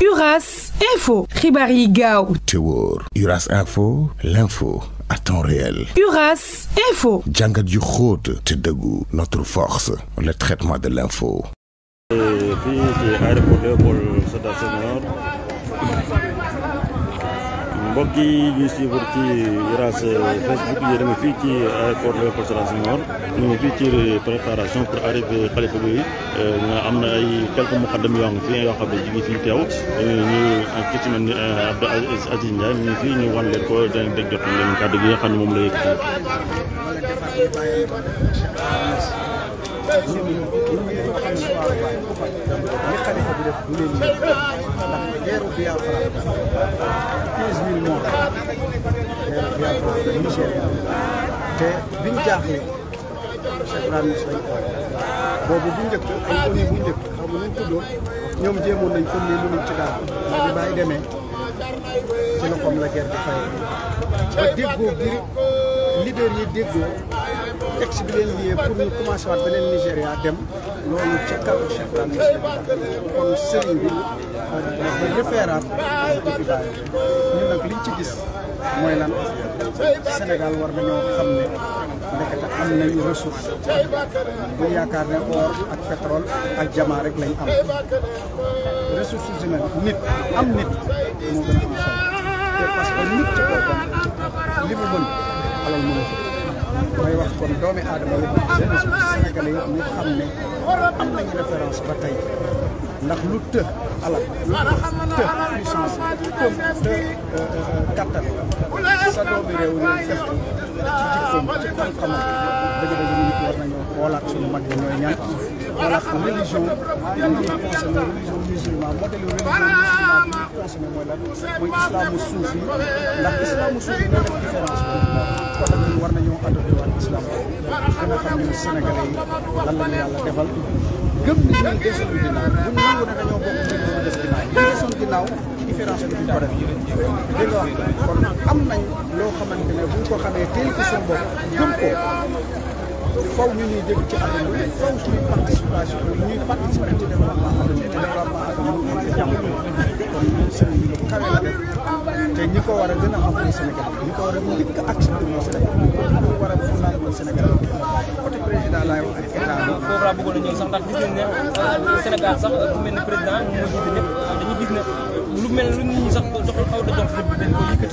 Uras Info. Ribari Gao. Tewor. Uras Info. L'info à temps réel. Uras Info. Djanga du te Notre force. Le traitement de l'info. Euh, mbokk yi ñu suivre ci Uras euh, Facebook yéen a fii ci euh, aéroport Léopold Sédar Senghor ñu ngi fii ci préparation pour arrivée xalifa bi euh, nga am na ay quelques muqaddam yoo ngi fi yoo xam ne ji ngi fii teew ñu ki ci mel ni Abdou Aziz Ndiaye ñu ngi fii ñu wan leen ko danañ dégg jot leen gi nga xam ne moom la yëkkati ñun ñun ñi nga xam ne waa Baye bi def boobu bu njëkk ay ONU bu njëkk xam nga ñu ñoom jéemoon nañ comme ni mënuñ ci daal ndax bi bàyyi demee ci loxoom la guerre bi fay ba déggoo ngir leader yi déggoo. texte bi leen liyee pour ñu commencé waat beneen Nigéria dem loolu ca kaw Cheikh Ibrahima Niass kon sëriñ bi dafa référaat di ñun nag liñ ci gis mooy lan Sénégal war nañoo xam ne ndekete am nañu ressource bu yaakaar ne or ak pétrole ak jamaa rek lañ am ressource humaine nit am nit moo gën a am solo te parce nit ci boppam li mu mën alal mënu mooy wax kon doomi aadama yëpp jeunesse bi Sénégalais yëpp ñu xam ne am nañu référence ba tey ndax lu të alal lu të puissance të kattan sa doomi réew ñoom fekk ci jikkoom ci xam-xamam dëgg-dëgg nit war nañoo xoolaat suñu mag yi ñooy ñaan wala xam religion li ñuy consommé religion musulman modèle religion bi consommé mooy lan mooy islamu suufi ndax islamu suufi ñoo def différence boobu waat islam da nga xam ne la ñu yàlla defal gëm ni ñun desul ginnaaw bu ñu nangu ne dañoo bokk ci ñu des ginnaaw ñu desul ginnaaw différence bi duñ ko nga wax kon am nañ loo xamante ne faw ñu ñuy dégg ci àll bi faw suñuy participation ñu jàmm ko war a gën a xam ne Sénégal ñi a a ñu war a fulaal ko Sénégal côté président laay wax ak état bi foofu laa bëggoon a ñëw sax ndax gis nañ ne euh, Sénégal sax ku gis ne lu mel lu nit ñi sax doxul xaw da jox dañ ko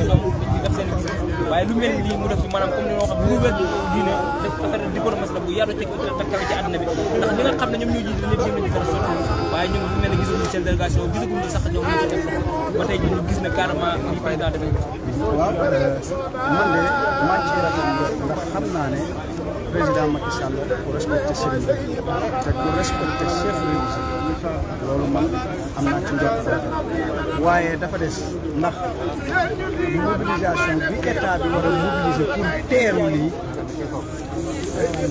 seen gis waaye lu mel nii mu def fi maanaam comme ni ma ko waxee nouvelle diine def affaire la bu yaatu ci kaw ci àdduna bi ndax li nga xam ne ñoom ñoo jiite lépp jéem nañu ko sotti waaye ñoom lu mel ne gisaguñu seen délégation gisaguñu sax ñoom ñu ba tey ñu gis ne carrément li président dafay euh, man de maa ndax xam naa ne président Macky Sall ku respecté sëriñ bi te ku respecté chef religieux loolu man am naa ci njort waaye dafa des ndax mobilisation bi état bi war a mobiliser pour teeru lii euh,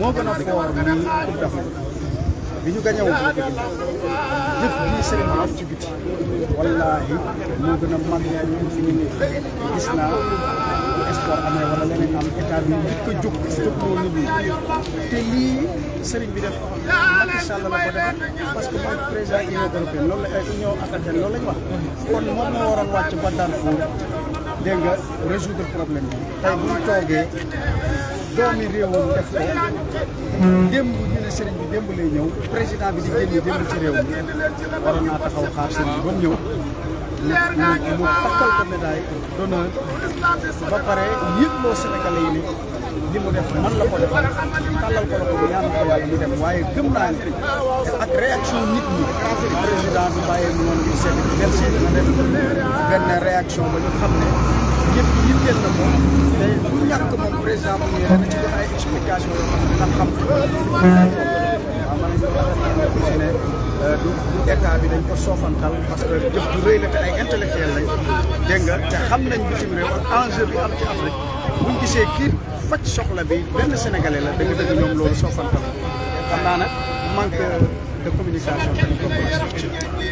moo gën a foor nii pour dafa bi ñu gañe woon jëf bii sëriñ bi def ci biti wallaahi moo gën a mag fi ñu ne gis naa gàllankoor bi la ko que mooy président union européenne loolu la euh, la kon moom moo waroon wàcc ba foofu dégg nga résoudre problème bi tey bu toogee doomi réewam def démb ñu ne bi démb lay ñëw président bi di génn démb ci réew mi waroon naa taxaw xaar sëriñ bi ba ñëw mu mu mu takkal ko médaille d'honneur ba pare yëgloo Sénégalais yi ni li mu def man la ko defal tàllal ko la ko ñaan ko yàlla mu dem waaye gëm naa ni ak réaction nit ñi président bi bàyyee mu noonu di seet merci def benn réaction ba ñu xam ne yëpp yitteel na ko te du ñàkk moom président mu ngi ci jox ay explication yoo xam ne dina xam bu si ne euh, du état bi dañ ko soofantal parce que jëf du rëy la te ay intellectuel lañ dégg nga te xam nañ bitim réew ak enjeu bi am ci Afrique buñ gisee kii faj soxla bi benn sénégalais la dëgg dëgg ñoom loolu soofantal xam naa nag manque de communication dañ ko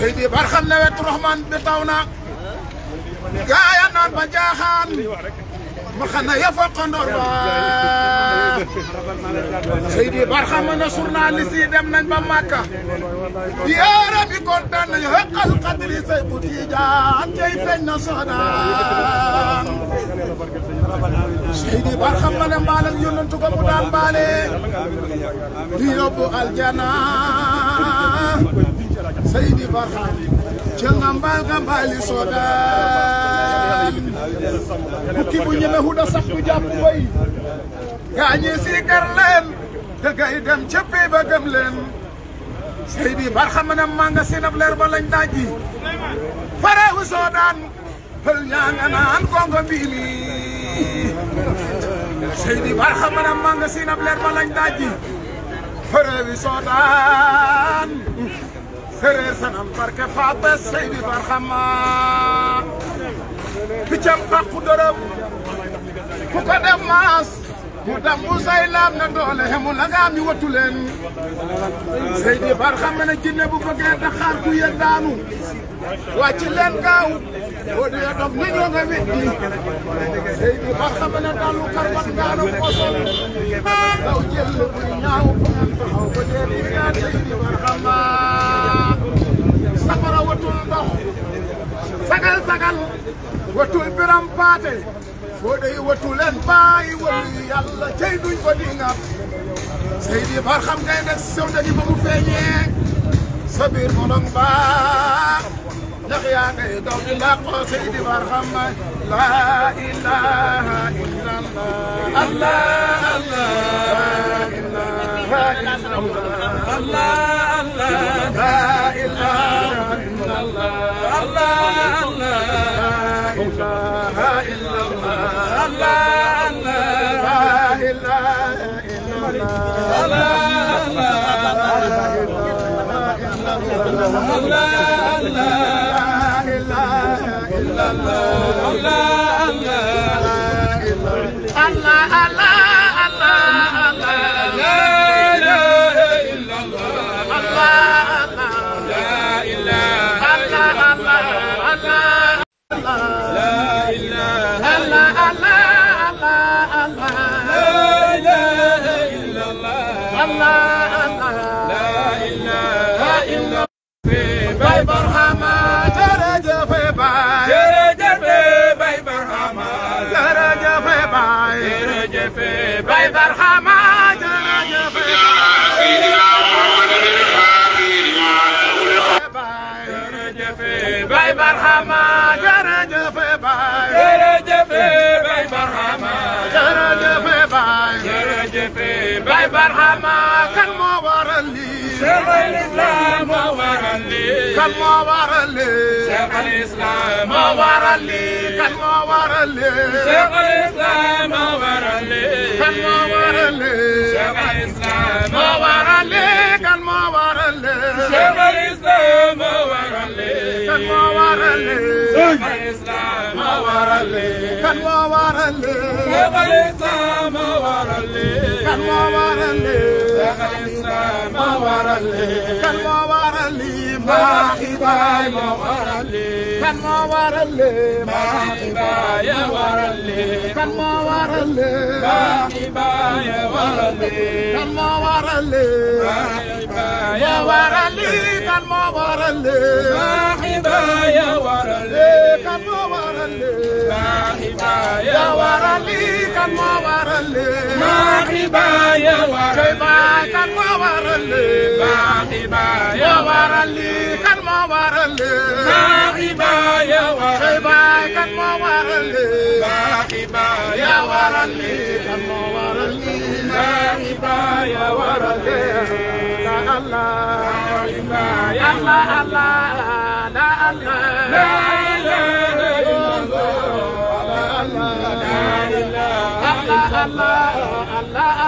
Seydi Barxam ne wetu Rahman bi taw na gaaya naan ba jaaxaan ma xana ya fa qandoor ba Seydi Barxam ne journaliste yi dem nañ ba Makka diyaara bi kontaan nañu xaqal qadri say bu tiijaan jey feeñ na soxnaan Seydi Barxam ne mbaal ak yonantu ko mu daan mbaale di yóbbu aljana سيدي برهان جلنا مبالغا بالي سودان بكي بني لهودا سخب جاب وي غاني سيكر لين دغاي دم جبي بغم لين سيدي برهان من مانغا سينب لير با لنج داجي فرهو سودان هل نيانا نان كونغو بيلي سيدي برهان من مانغا سينب لير با لنج داجي فرهو سودان réer sanam barke faate Seydi Barxama piccam xaqu dërëm ku ko def maas mu dam mu say laam na doole xemu la nga mi watu leen Seydi Barxama na jinne bu bëggee daxaar ku yéen daanu wàcc leen gaaw boo dee dof ni ñoo nga weddi Seydi Barxama na dalu karbat daanu posol daw jël bu ñaaw fa taxaw ba dee di ñaan Seydi Barxama tel sagal watul e biram paate foo dey e watu leen bàyyi watu yàlla cey duñ ko dinga Seydi Barxam ngay mu feeñee sa yaa ngay daw di làqo Seydi Barxam la Bye, Barhama. رجفي بيض الحماد رجفي رجفي بيض الحماد رجفي رجفي شيخ الاسلام ورا لي كان ورا لي شيخ الاسلام ورا لي كان ورا لي شيخ الاسلام ورا لي كان ورا لي شيخ الاسلام ورا لي كان ورا لي شيخ الاسلام ورا لي كان ورا لي شيخ الاسلام ورا لي كان ورا لي شيخ الاسلام ورا لي كان ورا لي الإسلام ورلي كان ورلي ما حباي ورلي كان ورلي ما حباي ورلي كان ورلي ما حباي ورلي كان ورلي ما حباي ورلي كان ورلي ما حباي ورلي كان ما يا ورلي كم ورلي ما حبا يا ورلي كم ورلي ما حبا يا ورلي كم ورلي ما حبا يا ورلي كم ورلي ما حبا يا ورلي كم ورلي ما حبا يا ورلي لا الله لا الله لا الله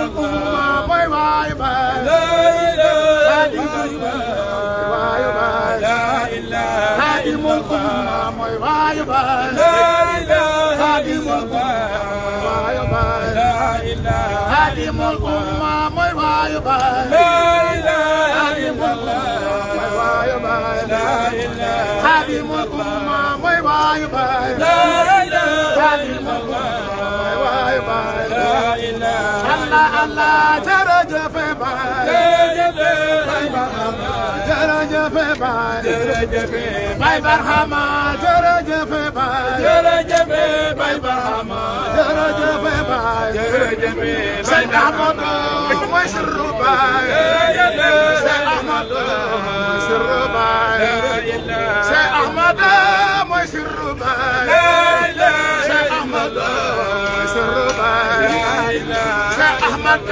Happy Mukuma, my wife, باي لا اله الله الله جرج في باي جرج في باي جرج في باي برحمة جرج في باي جرج في باي برحمة جرج في باي جرج في باي سيدنا محمد mooy sirru baay Seex Ahmad mooy sirru baay Seex Ahmad mooy sirru baay Seex Ahmad mooy sirru baay Seex Ahmad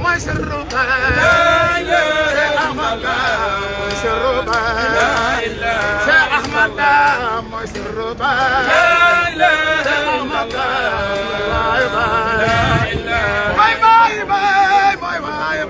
mooy sirru baay Seex Ahmad mooy sirru baay Seex Ahmad mooy sirru baay Seex Ahmad mooy sirru baay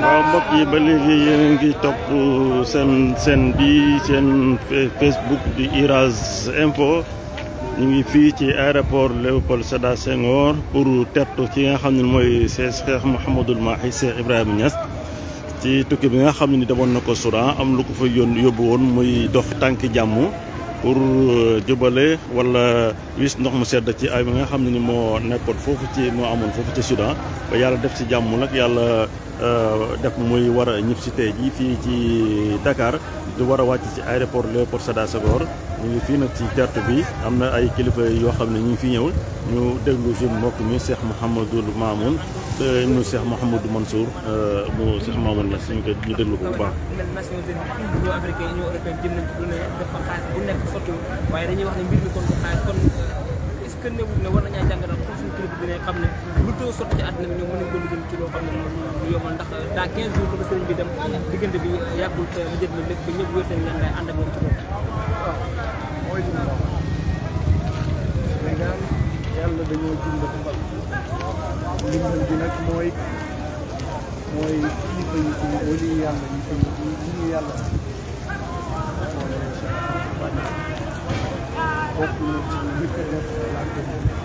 waaw mbokk yi ba léegi yéen a ngi topp seen seen bi seen Facebook di Uras Info ñu ngi fii ci aéroport Léopold Sédar Senghor pour tertu ci nga xam ne mooy Cheikh Mouhamadul Mahi Cheikh Ibrahima Niass ci tukki bi nga xam ne ni demoon na ko Soudan am lu ko fa yón yóbbu woon muy dox tànk jàmm pour euh, jubale wala wis ndox mu sedd ci ay bi nga xam ne ni moo nekkoon foofu ci moo amoon foofu ci Soudan ba yàlla def ci jàmm nag yàlla euh, def muy war a ñib si tey ji fii ci Dakar di war a wàcc ci aéroport Léopold Sédar Senghor ñu ngi fii nag ci carte bi am na ay kilifa yoo xam ne ñu ngi fi ñëw ñu déglu suñ mbokk mi Cheikh Mouhamadul Mamoun ibnu Cheikh Mouhamadou Mansour mu Cheikh Mamoun la suñ ko ñu déglu ko bu baax nation union africaine union européenne jëm nañ ci lu ne dafa xaar bu nekk sotti waaye dañuy wax ne mbir mi kon ko xaar kon est ce que newul ne war nañaa jàngal dinañ xam ne lu too sotti ci àddina bi ñoom mën nañ ko liggéey ci loo xam ne lu yombal ndax dans 15 jours ko sëriñ bi dem diggante bi yàggul te lu jët la lépp ba ñëpp wér nañ leen day ànd ak moom ci loolu Sénégal yàlla dañoo dimbali bi nag mooy mooy kilifa yi yàlla yi fi ñu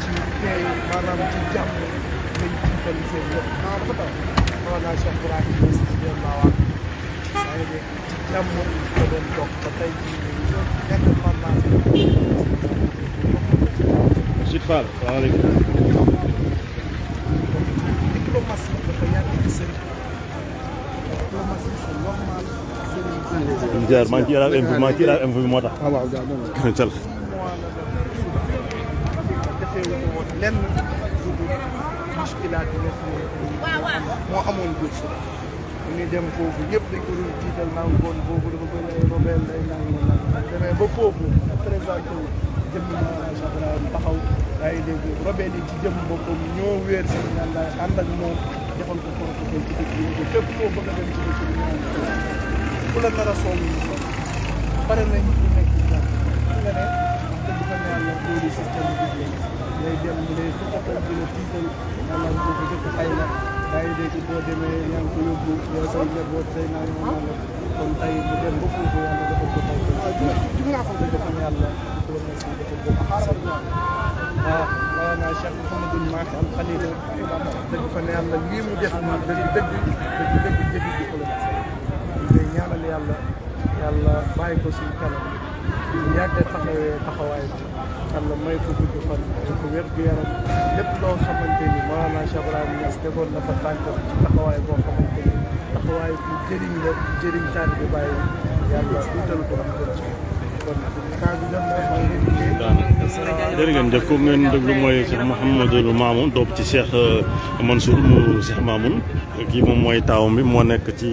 ci tey maanaam ci jàpp dañ jiital seen bopp maanaam fa tax maanaam Cheikh Ibrahima Niass radiyallaahu anhu maa ngi dégg ci jàmm la doon toog ba tey jii ñu nekk maanaam. Chid Fall salaamaaleykum. diplomatie dafa yàgg ci sëriñ diplomatie c'est normal. maa ngi ciy daal info maa ngi ciy daal info bi moo tax. lenn lu dul muskilaat yi xam ne moo amoon biir si bu ñuy dem foofu yëpp dañ ko doon jiital naan bon foofu dafa bëri demee ba foofu présenté wu jëmm naa Ibrahima taxaw daa ngi dégg yi ci jëm boppam ñoo wéer seen naan daal ànd ak moom defal ko protocole ci dëkk yi fépp foo bëgg a dem ci dëkk bi ñu naan ku la nar a soog ñu soog pare nañ ñu nekk ci jàmm nga ne dafa ñaan day dem mu lay sëqatal di la tiital maanaam foofu dëkk xay la yaa ngi dégg boo demee yaa ngi ko yóbbu yow say njaboot say naa ñu mën la kon tey mu dem ba foofu yàlla dafa ko taw dëgg xam yàlla ko ah, merci dafa bokk ah, waaw maanaam Cheikh Mouhamadou Mahi Al Khalifa dëgg fa ne yàlla lii mu def nii dëgg dëgg dëgg dëgg jëfi ko la ñu koy ñaanal yàlla yàlla bàyyi ko suñu kanam yàgg taxawee taxawaay bi xam na may ko gudd fan may ko wér gu yaram lépp loo xamante ni Mawlana Cheikh Ibrahima Niass tegoon na fa tànkam ci taxawaay boo xamante ni taxawaay bu jëriñ la jëriñ taan bi bàyyi yàlla dutal ko wax dëgg kon kaa bi dem rek mooy jërë ngeen jëf ko ngeen déglu mooy Cheikh Mouhamadul Mamoun dopp ci Cheikh euh, Mansour mu Cheikh Mamoun kii moom mooy taawam bi moo nekk ci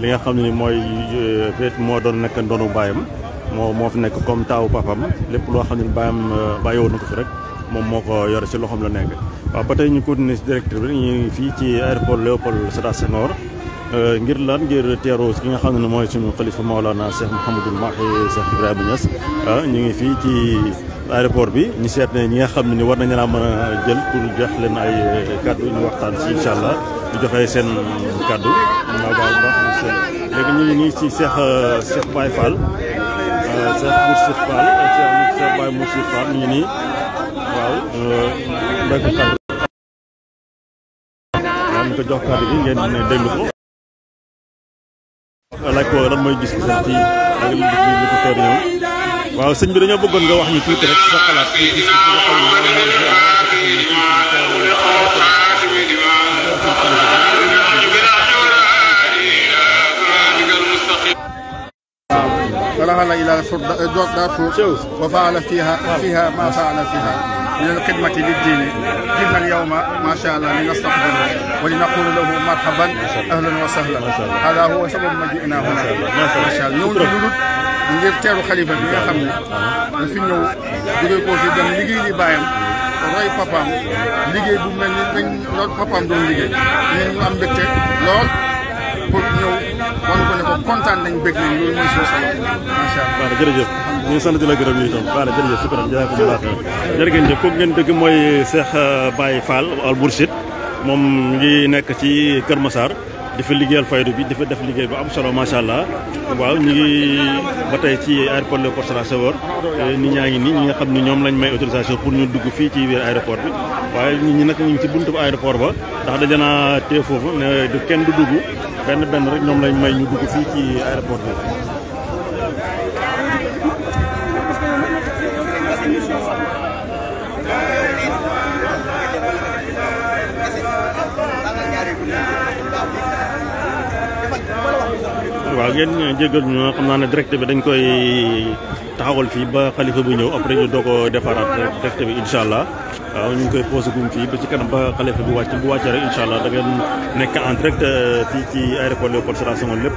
li nga xam ne ni mooy euh, féet moo doon nekk ndoonu baayam mo mo fi nek comme taw papam lepp lo xamni bayam euh, bayo nako fi rek mom moko yor ci loxom la nek wa batay ñu continuer ci directeur bi ñi fi ci aéroport Léopold Sédar senor euh, ngir lan ngir téro ci nga xamni moy mooy suñu xalifa Maolana Cheikh Mouhamadoul Mahi Cheikh ibrahim Niass ah, ñi ngi fi ci aéroport bi ñi sét né ñi nga xamni ni war nañ la mëna jël pour jox leen ay cadeau euh, ñu waxtaan ci inshallah ñu incha allah ñu joxe seen kàddu. léegi ñu ngi ci Cheikh Cheikh Baye Fall. Cheikh Mourchid Fall waaw mbéyko ko jox ngeen ne déglu ko laaj mooy gis ko toog ñoom waaw sëñ bi dañoo bëggoon nga wax ñu tuuti rek sa xalaat ورهل الى دور دارفور وفعل فيها فيها ما فعل فيها من الخدمه للدين جبنا اليوم ما شاء الله لنستقبله ولنقول له مرحبا اهلا وسهلا هذا هو سبب مجيئنا هنا ما شاء الله ngir téru khalifa bi nga xamné da fi ñew di koy ko fi dem liggéey li bayam roy papam liggéey bu melni dañ lool papam doon liggéey ñu am bëcc lool pour ñew wan ko ne ko jërëjëf ñu ngi sant di la gërëm yi itam voilà jërëjëf sukran ngeen dëgg mooy Cheikh euh, Baye Fall al Mourchid moom ngi nekk ci Kër Massar di fi liggéeyal faydu bi di fa def liggéey bu am solo macha allah waaw ñu ngi ba tey ci aéroport Léopold Sédar Senghor nit ñaa ngi nii ñi nga xam ne ñoom lañ may autorisation pour ñu dugg fii ci biir aéroport bi waaye nit ñi nag ñu ngi ci buntu aéroport ba ndax dajanaa téye foofu ne du kenn du dugg benn benn rek ñoom lañ may ñu dugg fii ci aéroport bi. waaw ngeen jégal ñu xam naa ne direct bi dañ koy taxawal fii ba xalifa bu ñëw après ñu doo ko déparaat direct bi incha allah waaw ñu ngi koy posé gum fii ba ci kanam ba xalifa bu wàcc bu wàccee rek incha allah da ngeen nekk en direct euh, fii ci aéroport Léopold Sédar Senghor lépp